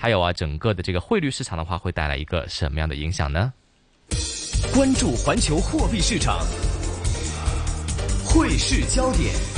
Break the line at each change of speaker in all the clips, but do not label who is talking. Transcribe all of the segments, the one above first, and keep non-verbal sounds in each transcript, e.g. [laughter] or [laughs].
還有啊，整個的這個匯率市場的話，會帶來一個什麼樣的影響呢？關注環球貨幣市場，匯市焦點。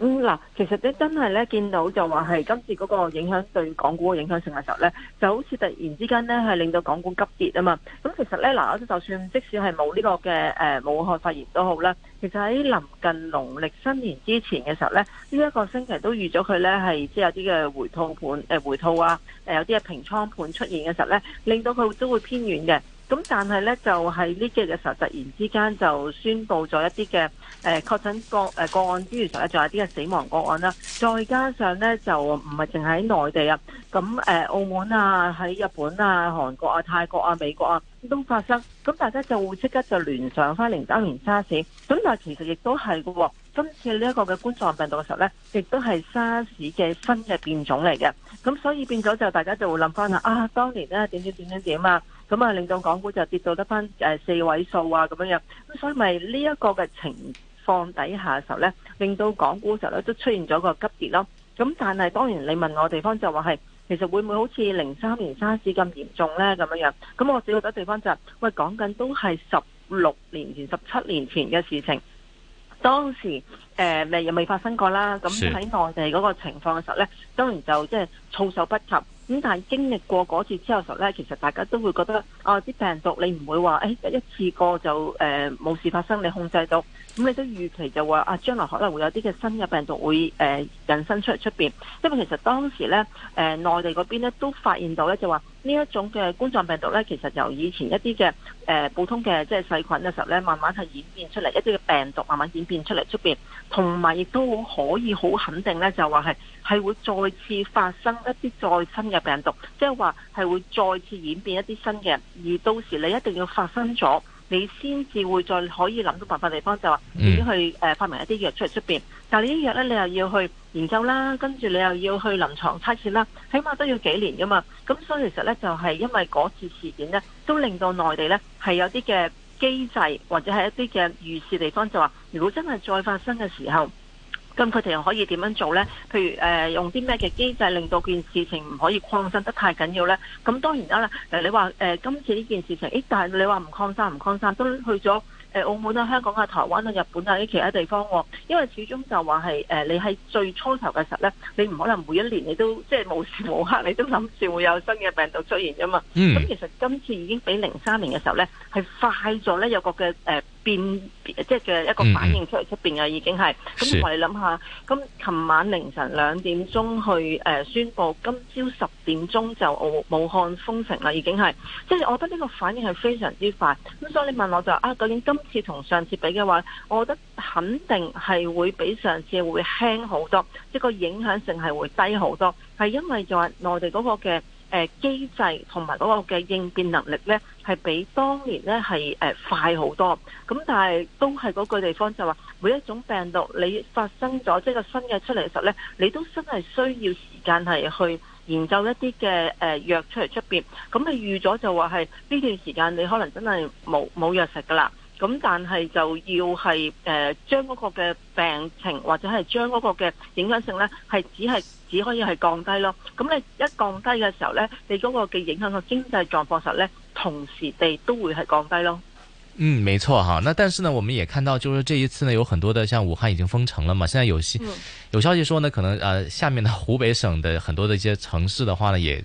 嗯嗱，其實咧真係咧見到就話係今次嗰個影響對港股嘅影響性嘅時候咧，就好似突然之間咧係令到港股急跌啊嘛。咁其實咧嗱，就算即使係冇呢個嘅誒武漢肺炎都好啦，其實喺臨近農曆新年之前嘅時候咧，呢一個星期都預咗佢咧係即係有啲嘅回吐盤誒回吐啊，誒有啲嘅平倉盤出現嘅時候咧，令到佢都會偏軟嘅。咁但係咧就喺呢幾日嘅時候，突然之間就宣布咗一啲嘅誒確診個誒個案之餘，實咧仲有啲嘅死亡個案啦。再加上咧就唔係淨喺內地啊，咁誒澳門啊、喺日本啊、韓國啊、泰國啊、美國啊都發生。咁大家就會即刻就聯想翻零三年沙士。咁但係其實亦都係嘅喎。今次呢一個嘅冠狀病毒嘅時候咧，亦都係沙士嘅新嘅變種嚟嘅。咁所以變咗就大家就會諗翻啦。啊，啊，當年咧點點點點點啊！咁啊，令到港股就跌到得返四位數啊，咁樣咁，所以咪呢一個嘅情況底下嘅時候咧，令到港股時候咧都出現咗個急跌咯。咁但係當然，你問我地方就話係其實會唔會好似零三年沙士咁嚴重咧咁樣？咁我只覺得地方就喂講緊都係十六年前、十七年前嘅事情，當時誒未又未發生過啦。咁喺內地嗰個情況嘅時候咧，當然就即係措手不及。咁但係經歷過嗰次之後時候咧，其實大家都會覺得啊，啲病毒你唔會話、哎，一次過就誒冇、呃、事發生，你控制到，咁你都預期就話啊，將來可能會有啲嘅新嘅病毒會誒、呃、引申出嚟出邊，因為其實當時咧誒、呃、內地嗰邊咧都發現到咧就話。呢一種嘅冠狀病毒呢，其實由以前一啲嘅誒普通嘅即係細菌嘅時候呢，慢慢係演變出嚟一啲嘅病毒，慢慢演變出嚟出面，同埋亦都可以好肯定呢，就話係係會再次發生一啲再新嘅病毒，即係話係會再次演變一啲新嘅，而到時你一定要發生咗，你先至會再可以諗到辦法地方，就話自己去誒發明一啲藥出嚟出面，但係呢啲藥呢，你又要去。研究啦，跟住你又要去臨床測試啦，起碼都要幾年㗎嘛。咁所以其實呢，就係、是、因為嗰次事件呢，都令到內地呢，係有啲嘅機制或者係一啲嘅預示地方就，就話如果真係再發生嘅時候，咁佢哋又可以點樣做呢？譬如誒、呃，用啲咩嘅機制令到件事情唔可以擴散得太緊要呢？咁當然啦，你話、呃、今次呢件事情，欸、但係你話唔擴散唔擴散都去咗。澳門啊、香港啊、台灣啊、日本啊，啲其他地方、啊，因為始終就話係，誒、呃，你喺最初頭嘅時候咧，你唔可能每一年你都即係無時無刻你都諗住會有新嘅病毒出現㗎嘛。咁、嗯、其實今次已經比零三年嘅時候咧，係快咗咧，有個嘅誒。變即係嘅一個反應出嚟出邊呀已經係，咁、嗯、我哋諗下，咁琴晚凌晨兩點鐘去誒、呃、宣佈，今朝十點鐘就武漢封城啦，已經係，即係我覺得呢個反應係非常之快，咁所以你問我就啊，究竟今次同上次比嘅話，我覺得肯定係會比上次會輕好多，即係個影響性係會低好多，係因為就係內地嗰個嘅。誒，機制同埋嗰個嘅應變能力呢，係比當年呢係誒快好多。咁但係都係嗰句地方就話，每一種病毒你發生咗，即係個新嘅出嚟嘅時候呢，你都真係需要時間係去研究一啲嘅誒藥出嚟出邊。咁你預咗就話係呢段時間你可能真係冇冇藥食噶啦。咁但係就要係誒，將、呃、嗰個嘅病情或者係將嗰個嘅影響性呢，係只係只可以係降低咯。咁你一降低嘅時候呢，你嗰個嘅影響嘅經濟狀況實呢，同時地都會係降低咯。
嗯，冇錯哈。那但是呢，我們也看到，就是這一次呢，有很多的像武漢已經封城了嘛。現在有新、嗯、有消息說呢，可能啊、呃，下面的湖北省的很多的一些城市的話呢，也。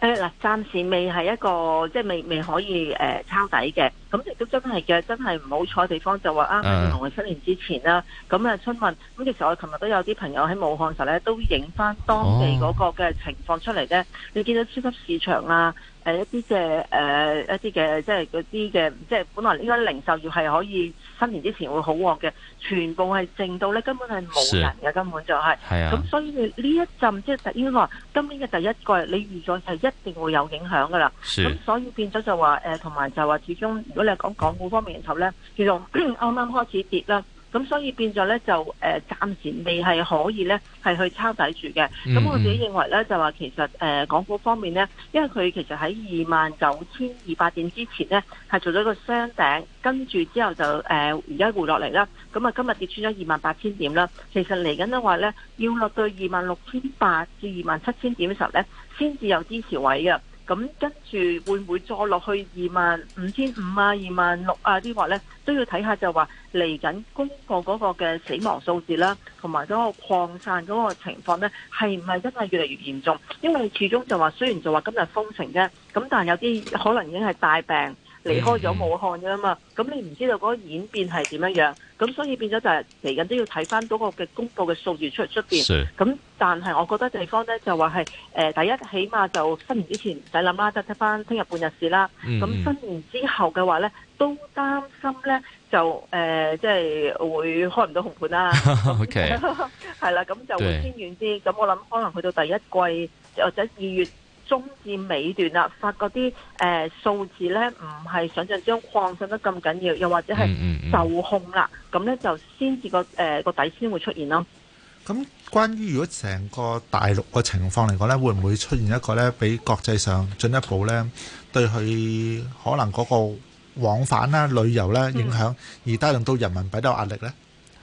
誒、呃、嗱，暫時未係一個即係未未可以誒、呃、抄底嘅，咁亦都真係嘅，真係唔好彩嘅地方就話啊，農曆新年之前啦，咁啊春運，咁其實我琴日都有啲朋友喺武漢時候咧都影翻當地嗰個嘅情況出嚟咧、哦，你見到超級市場啊。係一啲嘅，誒、呃、一啲嘅，即係嗰啲嘅，即係本來應該零售業係可以新年之前會好旺嘅，全部係剩到咧，根本係冇人嘅，根本就係、係。啊。咁所以你呢一陣即係第一個，今年嘅第一季，你預咗係一定會有影響㗎啦。咁所以變咗就話，同、呃、埋就話，始終如果你係講港股方面嘅時候咧，叫做啱啱開始跌啦。咁所以變咗咧就誒暫時未係可以咧係去抄底住嘅。咁、嗯嗯、我自己認為咧就話其實誒、呃、港股方面咧，因為佢其實喺二萬九千二百點之前咧係做咗個雙頂，跟住之後就誒而家回落嚟啦。咁啊今日跌穿咗二萬八千點啦。其實嚟緊呢話咧，要落到二萬六千八至二萬七千點嘅時候咧，先至有支持位嘅。咁跟住會唔會再落去二萬五千五啊、二萬六啊啲話呢？都要睇下就話嚟緊公佈嗰個嘅死亡數字啦，同埋嗰個擴散嗰個情況呢，係唔係真係越嚟越嚴重？因為始終就話雖然就話今日封城啫，咁但係有啲可能已經係大病。 [noise] 離開咗武漢嘅嘛，咁你唔知道嗰個演變係點樣樣，咁所以變咗就係嚟緊都要睇翻嗰個嘅公佈嘅數字出嚟。出面。咁但係我覺得地方咧就話係誒第一，起碼就新年之前唔使諗啦，等一翻聽日半日市啦。咁 [noise] 新年之後嘅話咧，都擔心咧就誒即係會開唔到紅盤啦。 [laughs] OK，係 [laughs] 啦，咁就會偏遠啲。咁我諗可能去到第一季或者二月。中至尾段啦，發覺啲誒數字咧，唔係想象中擴散得咁緊要，又或者係受控啦，咁咧就先至個誒個底先會出現咯。
咁關於如果成個大陸個情況嚟講咧，會唔會出現一個咧，比國際上進一步咧，對佢可能嗰個往返啦、旅遊啦影響，而帶動到人民幣都有壓力咧？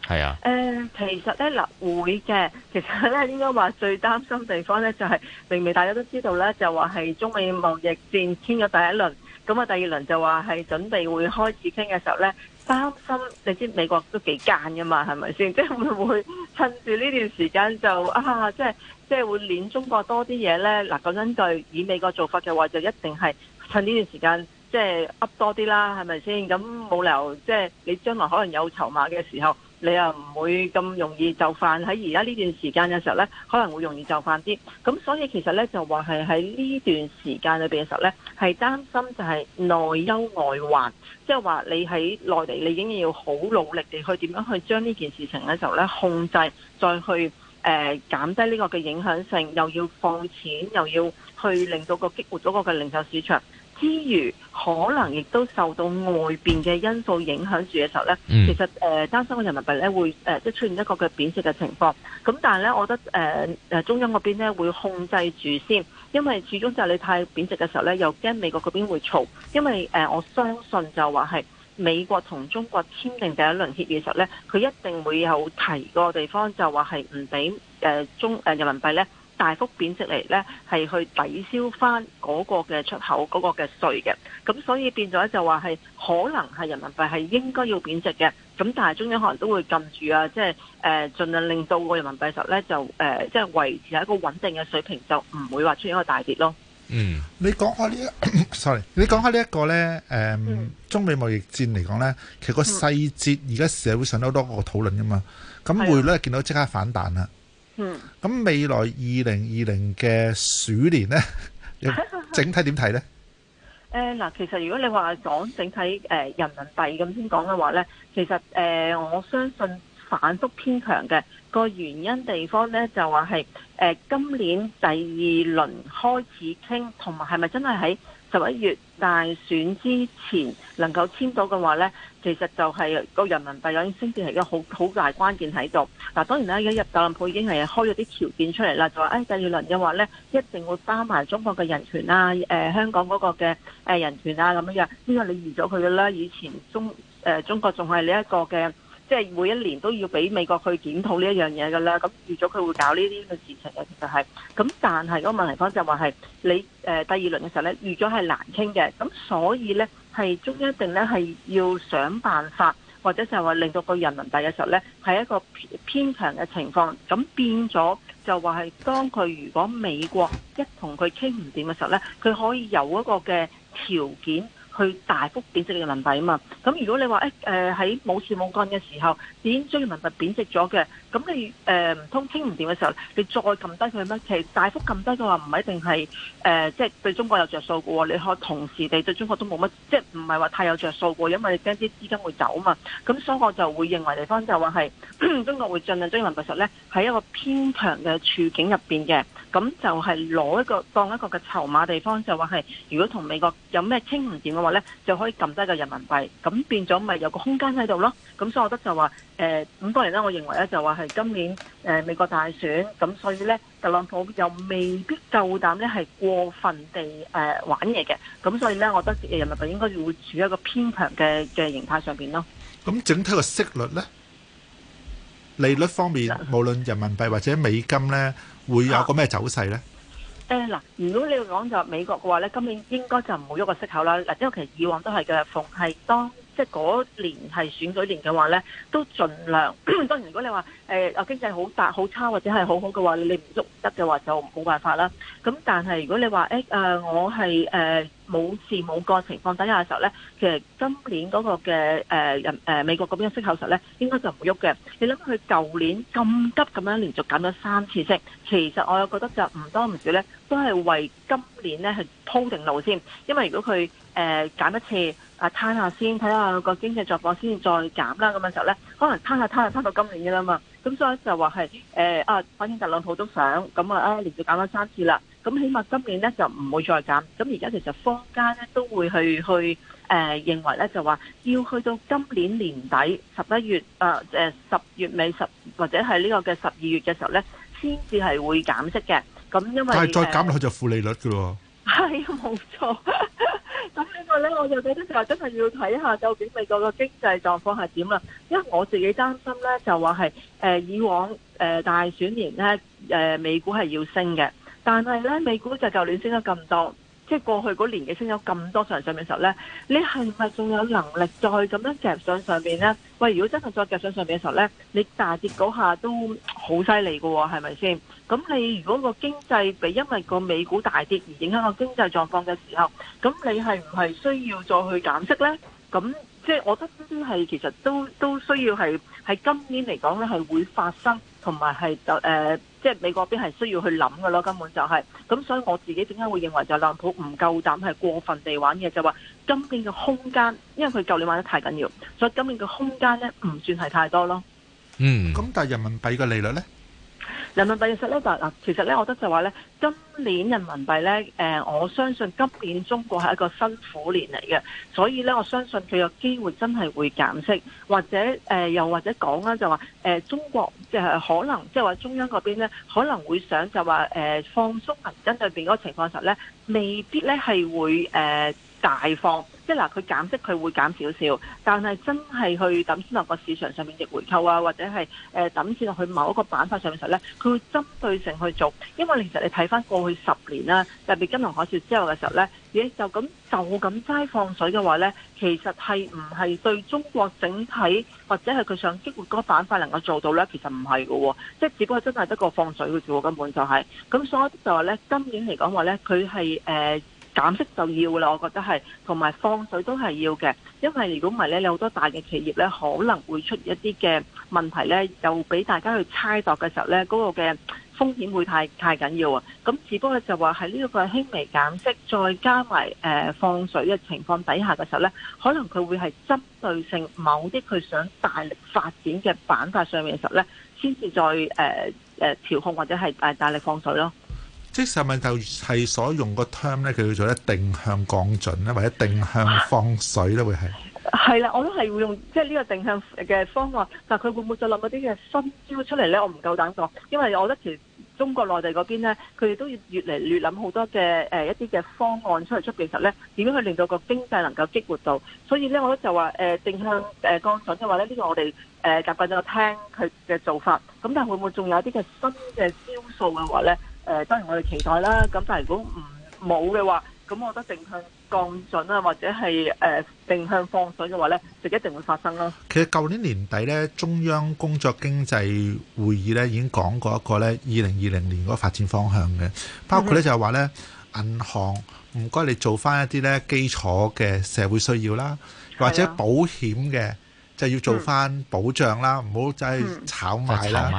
係
啊，
誒、呃，其實咧嗱，會嘅，其實咧應該話最擔心地方咧就係、是、明明大家都知道咧就話係中美貿易戰傾咗第一輪，咁啊第二輪就話係準備會開始傾嘅時候咧，擔心你知美國都幾奸噶嘛，係咪先？即係會唔會趁住呢段時間就啊，即係即係會碾中國多啲嘢咧？嗱，咁樣就以美國做法嘅話，就一定係趁呢段時間即係 up 多啲啦，係咪先？咁冇理由即係你將來可能有籌碼嘅時候。你又唔會咁容易就範，喺而家呢段時間嘅時候呢，可能會容易就範啲。咁所以其實呢，就話係喺呢段時間裏邊嘅時候呢，係擔心就係內憂外患，即係話你喺內地你已經要好努力地去點樣去將呢件事情嘅時候呢控制，再去誒、呃、減低呢個嘅影響性，又要放錢，又要去令到個激活咗個嘅零售市場之可能亦都受到外邊嘅因素影響住嘅時候呢、嗯，其實誒擔心個人民幣呢會即、呃、出現一個嘅貶值嘅情況。咁但係呢，我覺得誒、呃、中央嗰邊呢會控制住先，因為始終就係你太貶值嘅時候呢，又驚美國嗰邊會嘈。因為誒、呃、我相信就話係美國同中國簽訂第一輪協議嘅時候呢，佢一定會有提個地方就話係唔俾誒中、呃、人民幣呢。大幅貶值嚟呢，係去抵消翻嗰個嘅出口嗰個嘅稅嘅，咁所以變咗就話係可能係人民幣係應該要貶值嘅，咁但係中央可能都會禁住啊，即係誒盡量令到個人民幣時候呢，就誒即係維持喺一個穩定嘅水平，就唔會話出現一個大跌咯。嗯，
你講開呢，sorry，你講開呢一個呢，誒、呃嗯，中美貿易戰嚟講呢，其實個細節而家社會上都多個討論噶嘛，咁匯率見到即刻反彈啦。嗯，咁未來二零二零嘅鼠年呢，整體點睇呢？
誒，嗱，其實如果你話講整體誒人民幣咁先講嘅話呢，其實誒，我相信反復偏強嘅個原因地方呢，就話係誒今年第二輪開始傾，同埋係咪真係喺？十一月大選之前能夠簽到嘅話呢，其實就係個人民幣有升跌係一個好好大關鍵喺度。嗱，當然啦，而家入特朗普已經係開咗啲條件出嚟啦，就話誒，第二輪嘅話呢，一定會包埋中國嘅人權啊，誒、呃、香港嗰個嘅誒人權啊咁樣樣，因為你預咗佢噶啦，以前中誒、呃、中國仲係你一個嘅。即係每一年都要俾美國去檢討呢一樣嘢㗎啦，咁預咗佢會搞呢啲嘅事情嘅，其實係。咁但係個問題方就話係你誒、呃、第二輪嘅時候咧，預咗係難傾嘅，咁所以咧係中央一定咧係要想辦法，或者就係話令到個人民幣嘅時候咧係一個偏強嘅情況，咁變咗就話係當佢如果美國一同佢傾唔掂嘅時候咧，佢可以有一個嘅條件。去大幅貶值嘅人民幣啊嘛，咁、嗯、如果你話誒喺冇事冇乾嘅時候，已經將人民幣貶值咗嘅，咁你誒唔通傾唔掂嘅時候，你再撳低佢咩？其實大幅撳低嘅話，唔一定係誒即係對中國有着數嘅喎，你可同時地對中國都冇乜，即係唔係話太有着數嘅喎，因為你驚啲資金會走啊嘛。咁、嗯、所以我就會認為地方就話、是、係中國會盡量將人民幣實咧，喺一個偏強嘅處境入面嘅，咁就係攞一個當一個嘅籌碼地方，就話係如果同美國有咩傾唔掂。話咧就可以撳低個人民幣，咁變咗咪有個空間喺度咯。咁所以我覺得就話，誒、呃，咁當然啦，我認為咧就話係今年誒、呃、美國大選，咁所以咧特朗普又未必夠膽咧係過分地誒、呃、玩嘢嘅。咁所以咧，我覺得人民幣應該會處於一個偏強嘅嘅形態上邊咯。
咁整體個息率咧，利率方面，無論人民幣或者美金咧，會有個咩走勢咧？啊
嗱，如果你要講就美國嘅話咧，今年應該就唔好喐個息口啦。嗱，因為其實以往都係嘅，逢係當，即係嗰年係選舉年嘅話咧，都盡量。當 [coughs] 然，如果你話誒啊經濟好大好差或者係好好嘅話，你唔喐得嘅話就冇辦法啦。咁但係如果你話誒、欸呃、我係誒冇事冇個情況底下嘅時候咧，其實今年嗰個嘅、呃呃、美國嗰邊嘅息口實咧，應該就唔喐嘅。你諗佢舊年咁急咁樣連續減咗三次息，其實我又覺得就唔多唔少咧，都係為今年咧係鋪定路先。因為如果佢誒、呃、減一次，啊攤下先，睇下個經濟狀況先，再減啦。咁嘅時候咧，可能攤下攤下攤到今年嘅啦嘛。咁所以就話係誒啊，反正特朗普都想咁、嗯、啊，啊連續減咗三次啦。咁起碼今年咧就唔會再減。咁而家其實坊間咧都會去去誒、呃、認為咧就話要去到今年年底十一月啊、呃、十月尾十或者係呢、呢個嘅十二月嘅時候咧，先至係會減息嘅。咁因為但係再減落去就
負利率嘅咯。
係啊冇錯，咁呢個咧，我就覺得就真係要睇下究竟美國嘅經濟狀況係點啦。因為我自己擔心咧，就話係誒以往誒、呃、大選年咧，誒、呃、美股係要升嘅，但係咧美股就舊年升咗咁多，即、就、係、是、過去嗰年嘅升有升咗咁多場上面嘅時候咧，你係咪仲有能力再咁樣夾上上面咧？喂，如果真係再夾上上面嘅時候咧，你大跌嗰下都。好犀利㗎喎，係咪先？咁你如果個經濟被因為個美股大跌而影響個經濟狀況嘅時候，咁你係唔係需要再去減息呢？咁即係我覺得呢啲係其實都都需要係喺今年嚟講呢係會發生，同埋係就誒，即係美國邊係需要去諗㗎咯。根本就係咁，所以我自己點解會認為就特朗普唔夠膽係過分地玩嘢，就話今年嘅空間，因為佢舊年玩得太緊要，所以今年嘅空間呢，唔算係太多咯。
嗯，咁但係人民幣嘅利率咧？
人民幣其實咧就嗱，其實咧，我覺得就話咧，今年人民幣咧，誒，我相信今年中國係一個辛苦年嚟嘅，所以咧，我相信佢有機會真係會減息，或者誒，又或者講啦，就話誒，中國即係可能即係話中央嗰邊咧，可能會想就話誒，放鬆銀根裏面嗰個情況時候咧，未必咧係會誒。呃大放，即係嗱，佢減息佢會減少少，但係真係去抌錢落個市場上面逆回購啊，或者係誒抌錢落去某一個板塊上面時候咧，佢會針對性去做，因為其實你睇翻過去十年啦、啊，特別金融海嘯之後嘅時候咧，如果就咁就咁齋放水嘅話咧，其實係唔係對中國整體或者係佢想激活嗰個板塊能夠做到咧，其實唔係嘅喎，即係只不過真係得個放水嘅啫喎，根本就係、是，咁所以就話咧，今年嚟講話咧，佢係誒。呃減息就要啦，我覺得係，同埋放水都係要嘅，因為如果唔係咧，你好多大嘅企業咧，可能會出一啲嘅問題咧，又俾大家去猜度嘅時候咧，嗰個嘅風險會太太緊要啊！咁只不過就話喺呢個輕微減息，再加埋、呃、放水嘅情況底下嘅時候咧，可能佢會係針對性某啲佢想大力發展嘅板塊上面嘅時候咧，先至再誒誒、呃、調控或者係大力放水咯。
即係問就係所用個 term 咧，佢叫做咧定向降準咧，或者定向放水咧，會係
係啦，我都係會用即係呢個定向嘅方案。但係佢會唔會再諗嗰啲嘅新招出嚟咧？我唔夠膽講，因為我覺得其實中國內地嗰邊咧，佢哋都要越嚟越諗好多嘅、呃、一啲嘅方案出嚟出其實咧，點樣去令到個經濟能夠激活到。所以咧，我都就話、呃、定向誒降、呃、準即係話咧，呢、這個我哋誒習慣咗聽佢嘅做法。咁但係會唔會仲有一啲嘅新嘅招數嘅話咧？誒，當然我哋期待啦。咁但係如果唔冇嘅話，咁我覺得定向降準啊，或者係誒定向放
水嘅話呢，就一定會發生咯。其實舊年年底呢，中央工作經濟會議呢已經講過一個呢二零二零年嗰個發展方向嘅，包括呢就係話呢銀行唔該你做翻一啲呢基礎嘅社會需要啦，或者保險嘅。就要做翻保障啦，唔好再炒賣啦。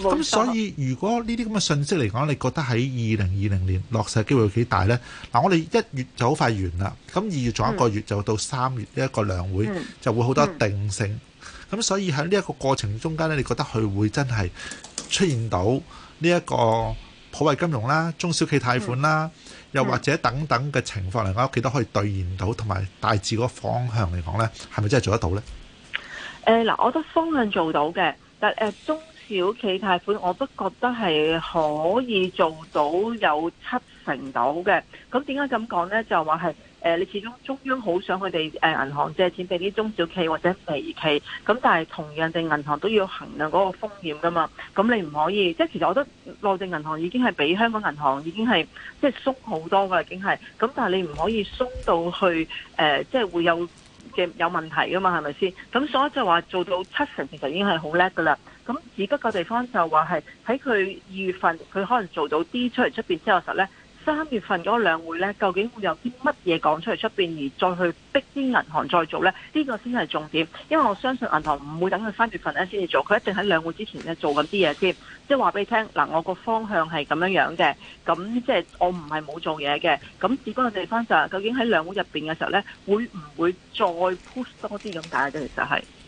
咁所以如果呢啲咁嘅信息嚟講，你覺得喺二零二零年落實機會幾大呢？嗱，我哋一月就好快完啦，咁二月仲有一個月就到三月呢一個兩會就會好多定性。咁所以喺呢一個過程中間呢，你覺得佢會真係出現到呢一個普惠金融啦、中小企貸款啦，又或者等等嘅情況嚟講，幾多可以兌現到，同埋大致個方向嚟講呢，係咪真係做得到呢？
誒、呃、嗱，我覺得方向做到嘅，但係、呃、中小企貸款，我不覺得係可以做到有七成到嘅。咁點解咁講呢？就話係誒，你始終中央好想佢哋誒銀行借錢俾啲中小企或者微企，咁但係同樣地，銀行都要衡量嗰個風險噶嘛。咁你唔可以，即、就、係、是、其實我覺得內地銀行已經係比香港銀行已經係即係鬆好多㗎喇，已經係。咁但係你唔可以鬆到去誒，即、呃、係、就是、會有。嘅有問題噶嘛係咪先？咁所以就話做到七成其實已經係好叻噶啦。咁只不過地方就話係喺佢二月份佢可能做到 D 出嚟出邊之後實咧。三月份嗰兩會呢，究竟會有啲乜嘢講出嚟出邊，而再去逼啲銀行再做呢？呢個先係重點，因為我相信銀行唔會等佢三月份先至做，佢一定喺兩會之前呢做緊啲嘢先，即係話俾你聽嗱，我個方向係咁樣樣嘅，咁即係我唔係冇做嘢嘅，咁只關嘅地方就係究竟喺兩會入邊嘅時候呢，會唔會再 push 多啲咁解嘅？其實係。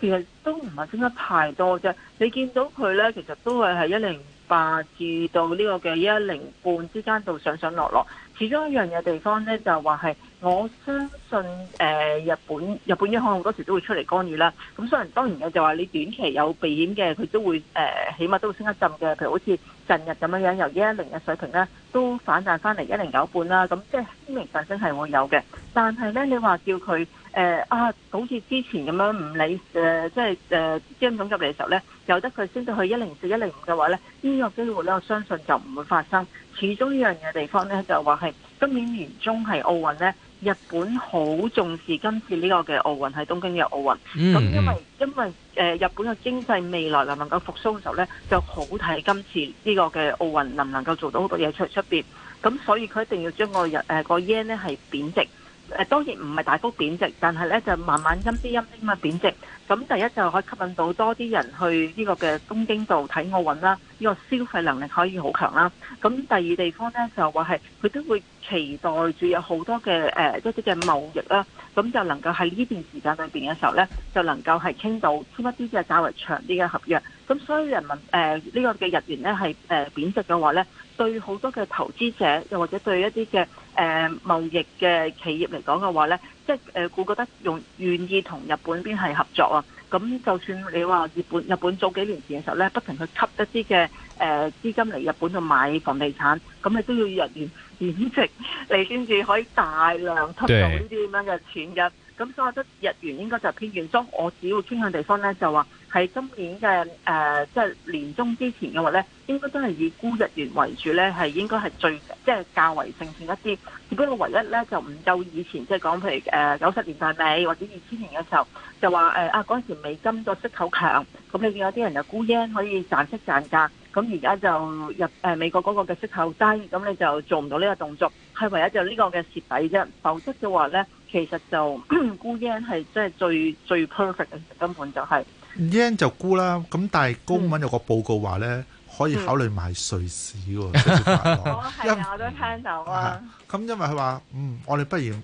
其實都唔係升得太多啫，你見到佢呢，其實都係喺一零八至到呢個嘅一零半之間度上上落落。始終一樣嘢地方呢，就話係我相信誒、呃、日本日本央行好多時都會出嚟干預啦。咁雖然當然嘅就話你短期有避險嘅，佢都會誒、呃、起碼都會升一浸嘅。譬如好似近日咁樣由一零嘅水平呢都反彈翻嚟一零九半啦。咁即係輕微上升係會有嘅，但係呢，你話叫佢。誒、呃、啊！好似之前咁樣唔理誒，即係誒資金入嚟嘅時候咧，由得佢升到去一零四、一零五嘅話咧，呢個機會咧，我相信就唔會發生。始終呢樣嘢地方咧，就話係今年年中係奧運咧，日本好重視今次呢個嘅奧運係東京嘅奧運。咁、嗯、因為因為誒、呃、日本嘅經濟未來能唔能夠復甦嘅時候咧，就好睇今次呢個嘅奧運能唔能夠做到好多嘢出出邊。咁所以佢一定要將個日誒、呃、個 yen 咧係貶值。誒當然唔係大幅貶值，但係咧就慢慢陰啲陰跌嘛貶值。咁第一就可以吸引到多啲人去呢個嘅東京度睇奧運啦。呢個消費能力可以好強啦。咁第二地方咧就話係佢都會期待住有好多嘅誒、呃、一啲嘅貿易啦。咁就能夠喺呢段時間裏邊嘅時候咧，就能夠係傾到簽一啲嘅較為長啲嘅合約。咁所以人民誒、呃呢個、呢個嘅日元咧係誒貶值嘅話咧，對好多嘅投資者又或者對一啲嘅誒、呃、貿易嘅企業嚟講嘅話咧，即係誒，我、呃、覺得用願意同日本邊係合作啊。咁就算你話日本日本早幾年前嘅時候咧，不停去吸一啲嘅誒資金嚟日本度買房地產，咁你都要日元貶值，你先至可以大量吸到呢啲咁樣嘅錢嘅。咁、嗯、所，所以我覺得日元應該就偏軟弱。我只要傾向地方咧就話。喺今年嘅誒，即、呃、係、就是、年中之前嘅話咧，應該都係以沽日元為主咧，係應該係最即係、就是、較為正正一啲。只不過我唯一咧就唔夠以前即係講，譬如誒九十年代尾或者二千年嘅時候就說，就話誒啊嗰陣時美金嘅息口強，咁你見有啲人就沽 yen 可以賺息賺價。咁而家就入誒美國嗰個嘅息口低，咁你就做唔到呢個動作。係唯一就呢個嘅蝕底啫。否則嘅話咧，其實就沽 yen 係即係最最 perfect 嘅，根本就係、是。
yen 就沽啦，咁但係公文有個報告話咧，可以考慮買瑞士，的、嗯、瑞士
法郎。係 [laughs] 因為 [laughs] 啊，我都聽到啊。咁因為佢話，
嗯，我哋不如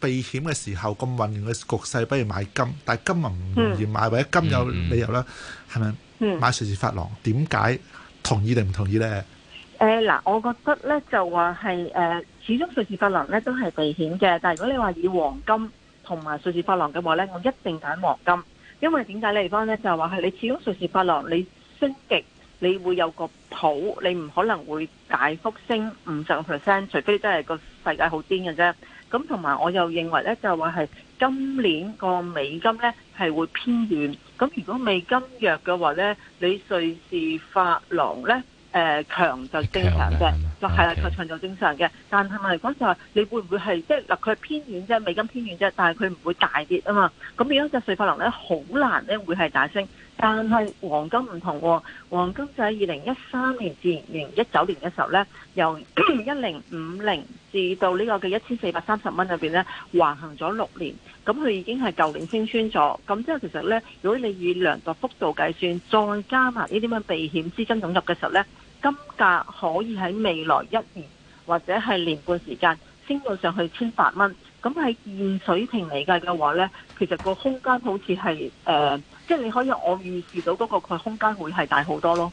避險嘅時候咁混亂嘅局勢，不如買金。但係金唔容易買、嗯，或者金有理由啦，係咪？嗯，買瑞士法郎，點解同意定唔同意咧？
誒，嗱，我覺得咧就話係誒，始終瑞士法郎咧都係避險嘅。但係如果你話以黃金同埋瑞士法郎嘅話咧，我一定揀黃金。因為點解呢地方咧，就係話係你始終瑞士法郎，你升極，你會有個譜，你唔可能會大幅升五十個 percent，除非真係個世界好癲嘅啫。咁同埋我又認為咧，就係話係今年個美金咧係會偏軟。咁如果美金弱嘅話咧，你瑞士法郎咧？誒強就正常嘅，就係啦，就強就正常嘅。Okay. 但係咪嗰陣話你會唔會係即係嗱？佢係偏遠啫，美金偏遠啫，但係佢唔會大跌啊嘛。咁如果隻瑞法郎咧，好難咧會係大升。但係黃金唔同，啊，黃金就喺二零一三年至二零一九年嘅時候咧，由一零五零至到呢個嘅一千四百三十蚊入邊咧橫行咗六年。咁佢已經係舊年升穿咗。咁即係其實咧，如果你以量度幅度計算，再加埋呢啲咁嘅避險資金湧入嘅時候咧。金價可以喺未來一年或者係年半時間升到上去千八蚊，咁喺現水平嚟計嘅話呢，其實個空間好似係誒，即係你可以我預示到嗰個佢空間會係大好多咯。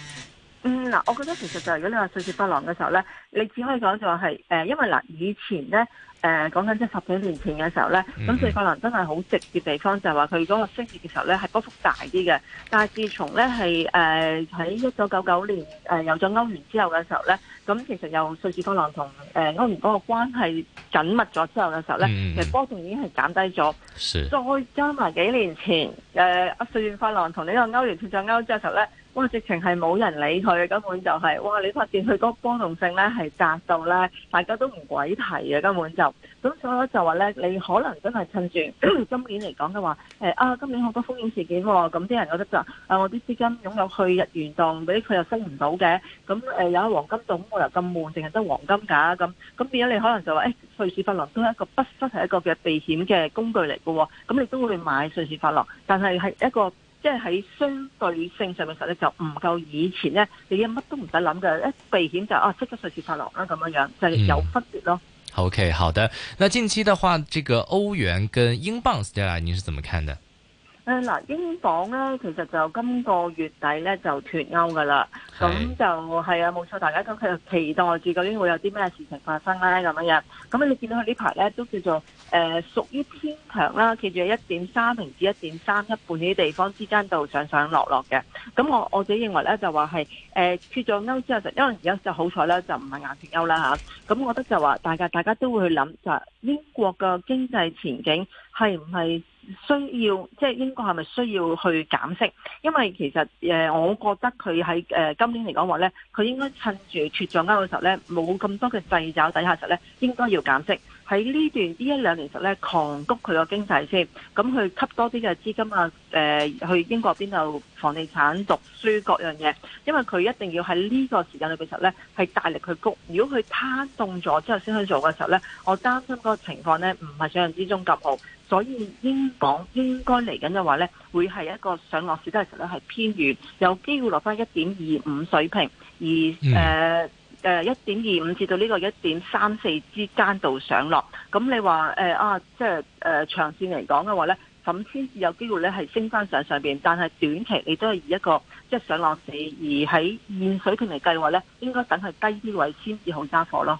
嗱、啊，我覺得其實就係、是、如果你話瑞士法郎嘅時候咧，你只可以講就係、是、誒、呃，因為嗱、呃、以前咧誒講緊即係十幾年前嘅時候咧，咁、嗯、瑞士法郎真係好直接嘅地方就係話佢嗰個升值嘅時候咧係波幅大啲嘅。但係自從咧係誒喺一九九九年誒、呃、有咗歐元之後嘅時候咧，咁其實又瑞士法郎同誒歐元嗰個關係緊密咗之後嘅時候咧、嗯，其實波動已經係減低咗。再加埋幾年前誒、呃、瑞士法郎同呢個歐元脫咗歐之後咧。哇！直情係冇人理佢，根本就係、是、哇！你發現佢嗰波動性咧係窄到咧，大家都唔鬼提嘅根本就，咁所以就話咧，你可能真係趁住 [coughs] 今年嚟講嘅話，誒、哎、啊！今年好多風險事件喎，咁啲人覺得就啊，我啲資金擁有去日元當，畀佢又升唔到嘅，咁誒、呃、有黃金做，我又咁悶，淨係得黃金價咁，咁變咗你可能就話誒、哎、瑞士法郎都係一個不失係一個嘅避險嘅工具嚟嘅喎，咁你都會買瑞士法郎，但係係一個。即係喺相對性上面實力就唔夠以前咧，你嘅乜都唔使諗嘅，一避險就是、啊，即刻隨時發落啦咁樣樣，就係有分別咯、嗯。
OK，好的。那近期的話，這個歐元跟英鎊市態，你是怎麼看的？
誒，嗱，英鎊咧，其實就今個月底咧就脫歐噶啦，咁就係啊，冇錯，大家咁佢期待住究竟會有啲咩事情發生咧，咁樣樣，咁你見到佢呢排咧都叫做誒，屬於偏強啦，企住喺一點三平至一點三一半呢啲地方之間度上上落落嘅，咁我我自己認為咧就話係誒，脫咗歐之後就因為而家就好彩咧就唔係硬脫歐啦吓，咁、啊、我覺得就話大家大家都會去諗就英國嘅經濟前景係唔係？需要即係英國係咪需要去減息？因為其實誒，我覺得佢喺誒今年嚟講話咧，佢應該趁住脫咗歐嘅時候咧，冇咁多嘅掣肘底下實咧，應該要減息。喺呢段呢一兩年實咧，狂谷佢個經濟先，咁去吸多啲嘅資金啊！誒，去英國邊度房地產、讀書、各樣嘢，因為佢一定要喺呢個時間裏邊時候咧，係大力去谷。如果佢攤動咗之後先去做嘅時候咧，我擔心個情況咧，唔係想象之中咁好。所以英鎊應該嚟緊嘅話呢，會係一個上落市都係實咧係偏軟，有機會落翻一點二五水平，而誒誒一點二五至到呢個一點三四之間度上落。咁你話誒、呃、啊，即係誒、呃、長線嚟講嘅話呢，咁先至有機會呢係升翻上上邊。但係短期你都係以一個即係、就是、上落市，而喺現水平嚟計話呢，應該等係低啲位先至好揸貨咯。